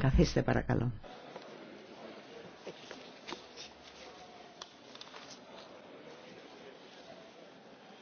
Καθίστε παρακαλώ.